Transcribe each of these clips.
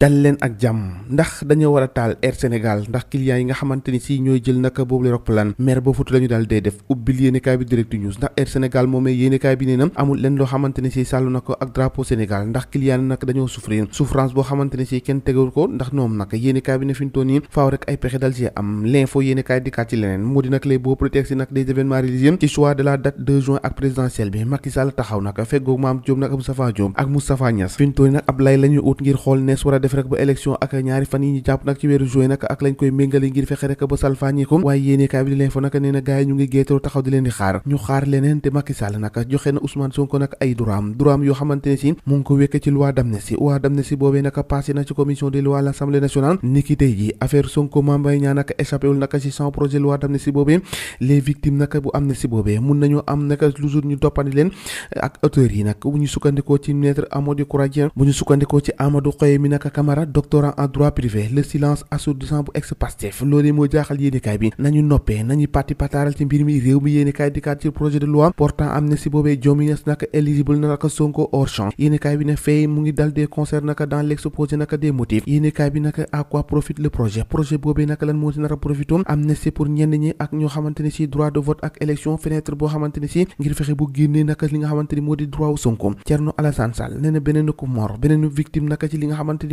dal leen ak jàmm ndax dañoo war a taal air sénégal ndax clients yi nga xamante si ñooy jël naka boobu la roppalaan mer ba futu la ñu dee def ubbil yéenekaay bi direct news ndax air sénégal moomee yéenekaay bi nee amul leen loo xamante si sàllu na ak drapeau sénégal ndax client yi dañoo souffrir boo xamante si kenn tegul ndax noom nag yéenekaay bi ne fi ñu toll ay pexe dal si am l'info yéenekaay dikkaat ci leneen moo di nag les def rek ba élection ak ñaari fan yi ñu jàpp nag ci weeru ak lañ koy méngale ngir fexe rek ba salfaañi ko waaye yéenekaay bi leen fa nag nee na ñu ngi géetoo taxaw di leen di xaar ñu xaar leneen te Macky Sall nag joxe na Ousmane Sonko nag ay droit droit yoo xamante ne si mu ngi ko wékke ci loi d'amnistie loi d'amnistie boobee nag passé na commission des lois à boobee les victimes nag bu amnistie boobee mun nañoo ñu toppandi leen ak auteurs ñu sukkandikoo Camara doctorant en droit privé le silence assourdissant bu ex Pastef loolee moo jaaxal yéenekaay bi nañu noppee nañu parti pataaral ci mbir mi réew mi yéenekaay dikkaat naka éligible na naka bi ne fay mu ngi dal des concerts naka dans l'exposé naka des motifs yéenekaay bi naka à quoi profite projet projet boobee naka lan moo ci nar a profitoon amnistie pour ñenn ñi ak ñoo xamante ne droit de vote ak élection fenêtre boo xamante ne ngir fexe bu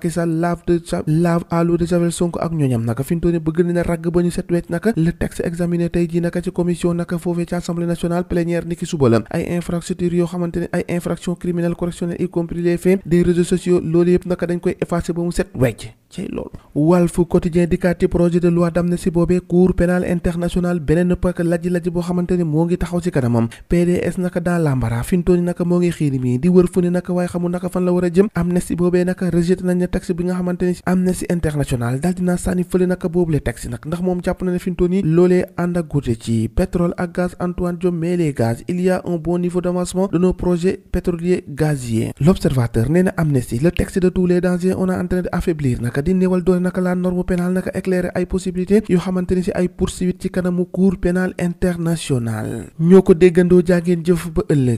Macky Sall lave de sa lave à de Javel Sonko ak ñooñam naka fi mu toll na ragg ba ñu set wecc naka le texte examiné tey ji naka ci commission naka foofee ci assemblée nationale plénière niki suba la ay infrastructure yoo xamante ay infraction criminelle correctionnelle y compris les faits des réseaux sociaux loolu yëpp naka dañ koy effacer ba mu set wecc ci loolu Walf Quotidien dikkaat ci projet de loi d'amnistie boobee boobee naka rejeté nañ taxe bi nga xamante ni Amnesty International daal dina sànni fële naka boobule taxe nag ndax moom jàpp na ne fi mu toll nii loolee ànd ak guute ci pétrole ak gaz Antoine Diome mais les gaz il y a un bon niveau d'avancement de nos projets pétroliers gaziers l'observateur na Amnesty le texte de tous les dangers on est en train d'affaiblir naka di néewal doole naka la norme pénale naka éclairer ay possibilités yoo xamante ni si ay poursuites ci kanamu cour pénale internationale ñoo ko déggandoo jaageen jëf ba ëllëg